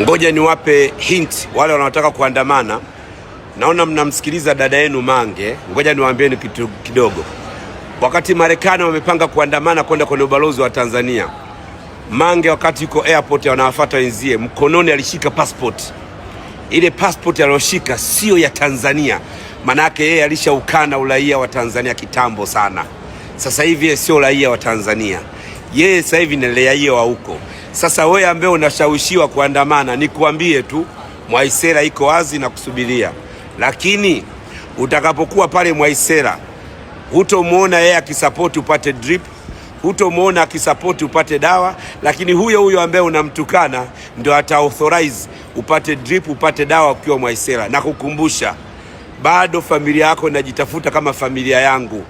Ngoja niwape hint wale wanaotaka kuandamana. Naona mnamsikiliza dada yenu Mange, ngoja niwaambieni kitu kidogo. Wakati Marekani wamepanga kuandamana kwenda kwenye ubalozi wa Tanzania, Mange wakati yuko airport anawafuata wenzie, mkononi alishika passport. Ile passport aliyoshika siyo ya Tanzania, yake yeye alishaukana uraia wa Tanzania kitambo sana. Sasa hivi yeye sio raia wa Tanzania, yeye sasa hivi ni raia wa huko. Sasa wewe ambaye unashawishiwa kuandamana, nikuambie tu Mwaisera iko wazi na kusubiria, lakini utakapokuwa pale Mwaisera hutomwona yeye akisapoti upate drip, hutomwona akisapoti upate dawa, lakini huyo huyo ambaye unamtukana ndio ata authorize upate drip, upate dawa ukiwa Mwaisera. Na kukumbusha bado familia yako inajitafuta kama familia yangu.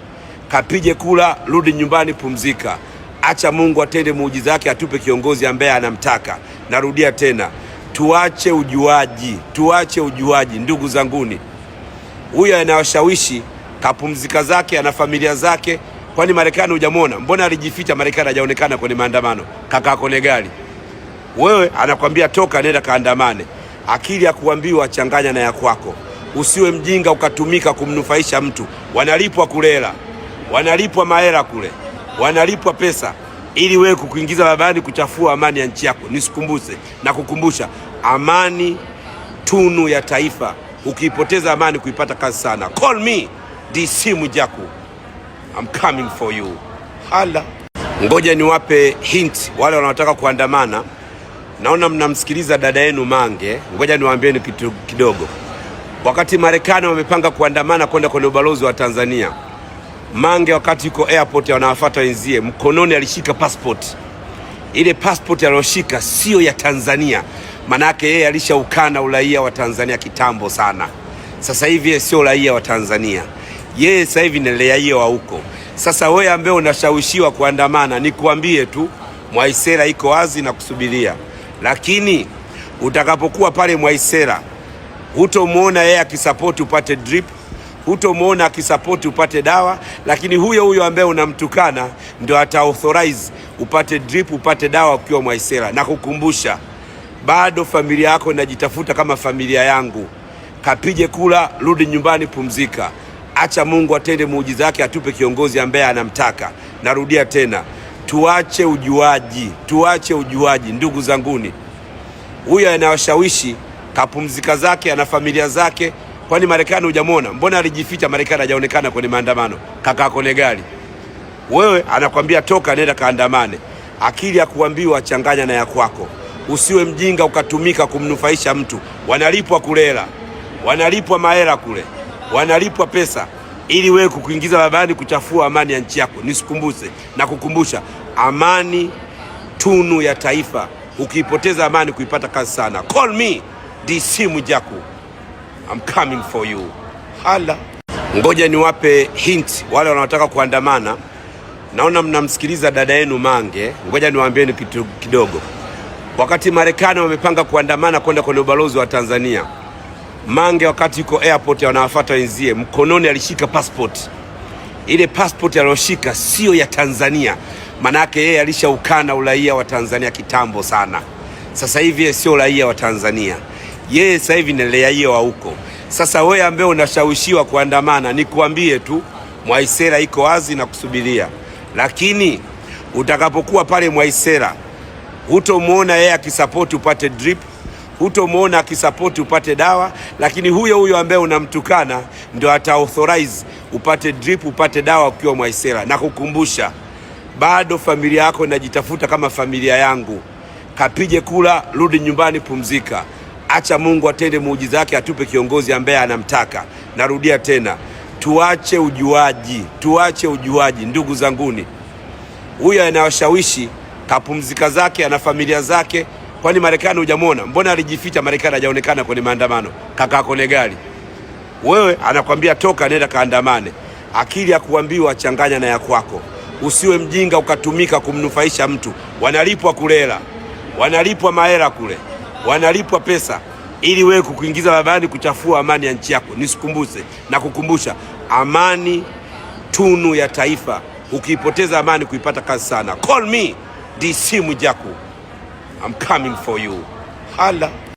Kapige kula, rudi nyumbani, pumzika. Acha Mungu atende muujiza wake, atupe kiongozi ambaye anamtaka. Narudia tena, tuache ujuaji, tuache ujuaji ndugu zanguni. Huyo anawashawishi kapumzika zake, ana familia zake. Kwani Marekani hujamwona? Mbona alijificha Marekani, hajaonekana kwenye maandamano? Kakaa kwenye gari, wewe anakwambia toka, nenda kaandamane. Akili ya kuambiwa changanya na ya kwako. Usiwe mjinga ukatumika kumnufaisha mtu. Wanalipwa kulela, wanalipwa mahela kule wanalipwa pesa ili wewe kukuingiza babani kuchafua amani ya nchi yako. Nisikumbuse na kukumbusha, amani tunu ya taifa. Ukiipoteza amani, kuipata kazi sana. Call me DC Mwijaku, I'm coming for you. Hala, ngoja niwape hint wale wanaotaka kuandamana. Naona mnamsikiliza dada yenu Mange, ngoja niwaambieni kitu kidogo. Wakati Marekani wamepanga kuandamana kwenda kwenye ubalozi wa Tanzania Mange wakati yuko airport wanawafuata wenzie, mkononi alishika passport. Ile passport aliyoshika sio ya Tanzania, manake yeye alishaukana uraia wa Tanzania kitambo sana. Sasa hivi yeye sio raia wa Tanzania, yeye sasa hivi ni raia wa huko. Sasa wewe ambaye unashawishiwa kuandamana, nikuambie tu Mwaisera iko wazi na kusubiria, lakini utakapokuwa pale Mwaisera hutomwona yeye akisapoti upate drip hutomwona akisapoti upate dawa, lakini huyo huyo ambaye unamtukana ndio ata authorize upate drip, upate dawa ukiwa Mwaisera. Na kukumbusha bado familia yako inajitafuta kama familia yangu. Kapige kula, rudi nyumbani, pumzika, acha Mungu atende muujiza wake, atupe kiongozi ambaye anamtaka. Narudia tena, tuache ujuaji, tuache ujuaji ndugu zanguni. Huyo anawashawishi kapumzika zake, ana familia zake. Kwani Marekani hujamwona? Mbona alijificha Marekani, hajaonekana kwenye maandamano? Kakaa kwenye gari wewe, anakwambia toka, nenda kaandamane. Akili ya kuambiwa changanya na ya kwako. Usiwe mjinga ukatumika kumnufaisha mtu. Wanalipwa kulela, wanalipwa mahela kule, wanalipwa pesa ili wewe kukuingiza babani, kuchafua amani ya nchi yako. Nisikumbuse na kukumbusha, amani tunu ya taifa. Ukiipoteza amani, kuipata kazi sana. Call me DC Mwijaku. I'm coming for you. Hala, ngoja niwape hint wale wanaotaka kuandamana. Naona mnamsikiliza dada yenu Mange, ngoja niwaambieni kitu kidogo. Wakati Marekani wamepanga kuandamana kwenda kwenye ubalozi wa Tanzania, Mange wakati yuko airport wanawafuata wenzie, mkononi alishika passport. Ile passport aliyoshika sio ya Tanzania, yake yeye alishaukana uraia wa Tanzania kitambo sana. Sasa hivi sio raia wa Tanzania yeye sasa hivi nelea hiyo wa huko. Sasa wewe ambaye unashawishiwa kuandamana, nikuambie tu Mwaisera iko wazi na kusubiria, lakini utakapokuwa pale Mwaisera hutomwona yeye akisapoti upate drip, hutomwona akisapoti upate dawa, lakini huyo huyo ambaye unamtukana ndio ata authorize upate drip, upate dawa ukiwa Mwaisera. Na kukumbusha bado familia yako inajitafuta kama familia yangu. Kapige kula, rudi nyumbani, pumzika acha Mungu atende muujiza wake, atupe kiongozi ambaye anamtaka. Narudia tena, tuache ujuaji, tuache ujuaji ndugu zanguni. huyo anawashawishi kapumzika zake, ana familia zake. Kwani Marekani hujamwona? Mbona alijificha Marekani, hajaonekana kwenye maandamano? Kakaa kwenye gari, wewe anakwambia toka, nenda kaandamane. Akili ya kuambiwa changanya na ya kwako. Usiwe mjinga ukatumika kumnufaisha mtu. Wanalipwa kulela, wanalipwa mahera kule wanalipwa pesa ili wewe kukuingiza babani kuchafua amani ya nchi yako. Nisikumbuse na kukumbusha, amani tunu ya taifa. Ukiipoteza amani, kuipata kazi sana. Call me DC Mwijaku, I'm coming for you. Hala.